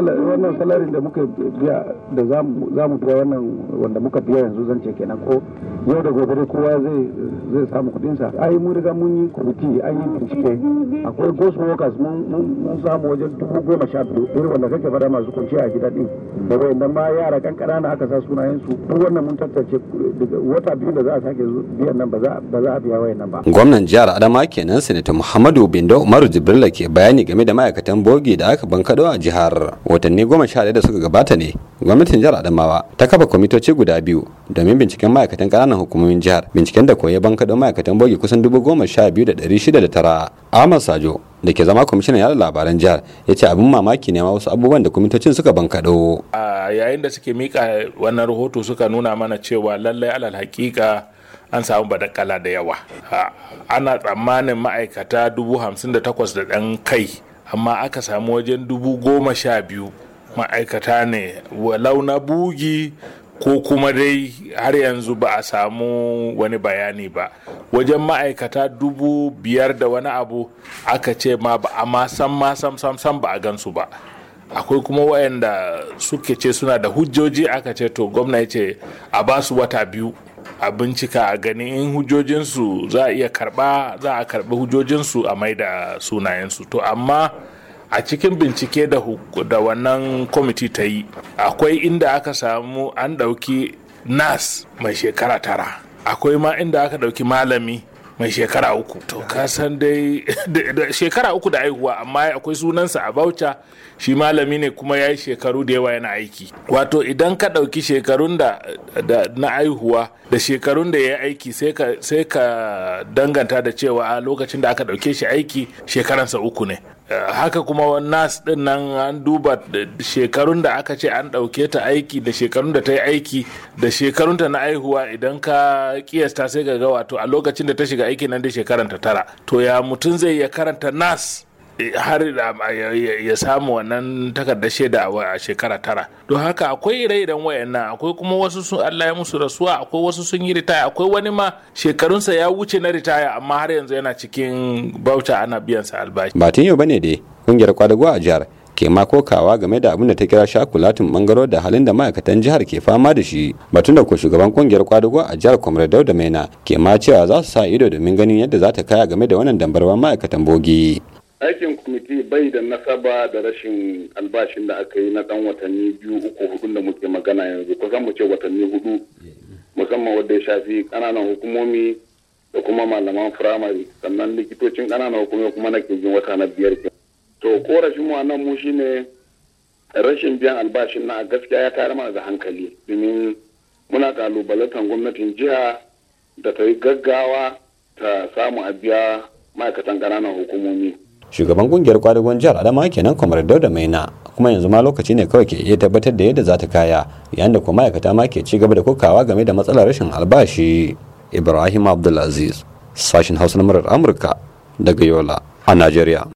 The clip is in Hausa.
wannan salarin da muka biya da za mu biya wannan wanda muka biya yanzu zance kenan ko yau da gobe kowa zai zai samu kudinsa ai mun riga mun yi kuruti an yi bincike akwai ghost workers mun samu wajen dubu goma sha biyu irin wanda kake fada masu kunshi a gida din da wayannan ma yara kan ƙanana aka sa sunayen su duk wannan mun tattace wata biyu da za a sake biyan nan ba za a biya wayannan ba gwamnan jihar adama kenan sanata muhammadu bindo umaru jibrila ke bayani game da ma'aikatan bogi da aka bankado a jihar watanni goma sha daya da suka gabata ne gwamnatin jihar adamawa ta kafa kwamitoci guda biyu domin binciken ma'aikatan kananan hukumomin jihar binciken da koya ban kaɗo ma'aikatan bogi kusan dubu goma sha biyu da ɗari shida da tara ahmad sajo da ke zama kwamishinan yada labaran jihar ya ce abin mamaki ne ma wasu abubuwan da kwamitocin suka bankaɗo. a yayin da suke mika wannan rahoto suka nuna mana cewa lallai alal hakika an samu badakala da yawa ana tsammanin ma'aikata dubu hamsin da takwas da ɗan kai amma aka samu wajen dubu goma sha biyu ma'aikata ne walau na bugi ko kuma dai har yanzu ba a samu wani bayani ba wajen ma'aikata dubu biyar da wani abu aka ce ma ba a masan masan sam ba a gansu ba akwai kuma wayanda suke ce suna da hujjoji aka ce to gwamna ya ce a basu wata biyu a bincika a gani in hujjojinsu za a iya karba za a karbi hujjojinsu a mai da sunayensu to amma a cikin bincike da, da wannan kwamiti ta yi akwai inda aka samu an ɗauki nas mai shekara tara akwai ma inda aka ɗauki malami mai shekara uku to ka dai shekara uku da aihuwa amma akwai sunansa a bauta shi malami ne kuma ya yi shekaru da yawa yana aiki wato idan ka ɗauki shekarun da na aihuwa da shekarun da ya yi aiki sai ka danganta da cewa a lokacin da aka ɗauke shi aiki shekaransa uku ne haka kuma nas din nan an duba shekarun da aka ce an ɗauke ta aiki da shekarun da ta yi aiki da shekarun ta na aihuwa idan ka kiyasta sai ga wato a lokacin da ta shiga aiki nan da shekaranta tara to ya mutum zai ya karanta nas har ya samu wannan takardar shaida a shekara tara don haka akwai ire-iren wayannan akwai kuma wasu sun Allah ya musu rasuwa akwai wasu sun yi ritaya akwai wani ma shekarunsa ya wuce na ritaya amma har yanzu yana cikin bauta ana biyan sa albashi batun yau bane dai kungiyar kwadago a jihar ke ma kokawa game da abin da ta kira shakulatin bangaro da halin da ma'aikatan jihar ke fama da shi batun da ko shugaban kungiyar kwadago a jihar kwamar dauda maina ke ma cewa za su sa ido domin ganin yadda za ta kaya game da wannan dambarwar ma'aikatan bogi aikin kwamiti bai da nasaba da rashin albashin da aka yi na dan watanni biyu uku hudu da muke magana yanzu kusan mu ce watanni hudu musamman wanda ya shafi kananan hukumomi da kuma malaman firamare sannan likitocin kananan hukumomi kuma na kirgin wata na biyar ke to korafin mu nan mu shine rashin biyan albashin na gaskiya ya tare mana da hankali domin muna kalubalantar gwamnatin jiha da ta yi gaggawa ta samu a biya ma'aikatan kananan hukumomi. shugaban kungiyar kwadagon jihar adama kenan kamar da maina kuma yanzu ma lokaci ne kawai ke iya tabbatar da yadda za ta kaya yayin da kuma ma'aikata ma ke ci gaba da kokawa game da matsalar rashin albashi ibrahim abdulaziz sashen hausa na murar amurka daga yola a najeriya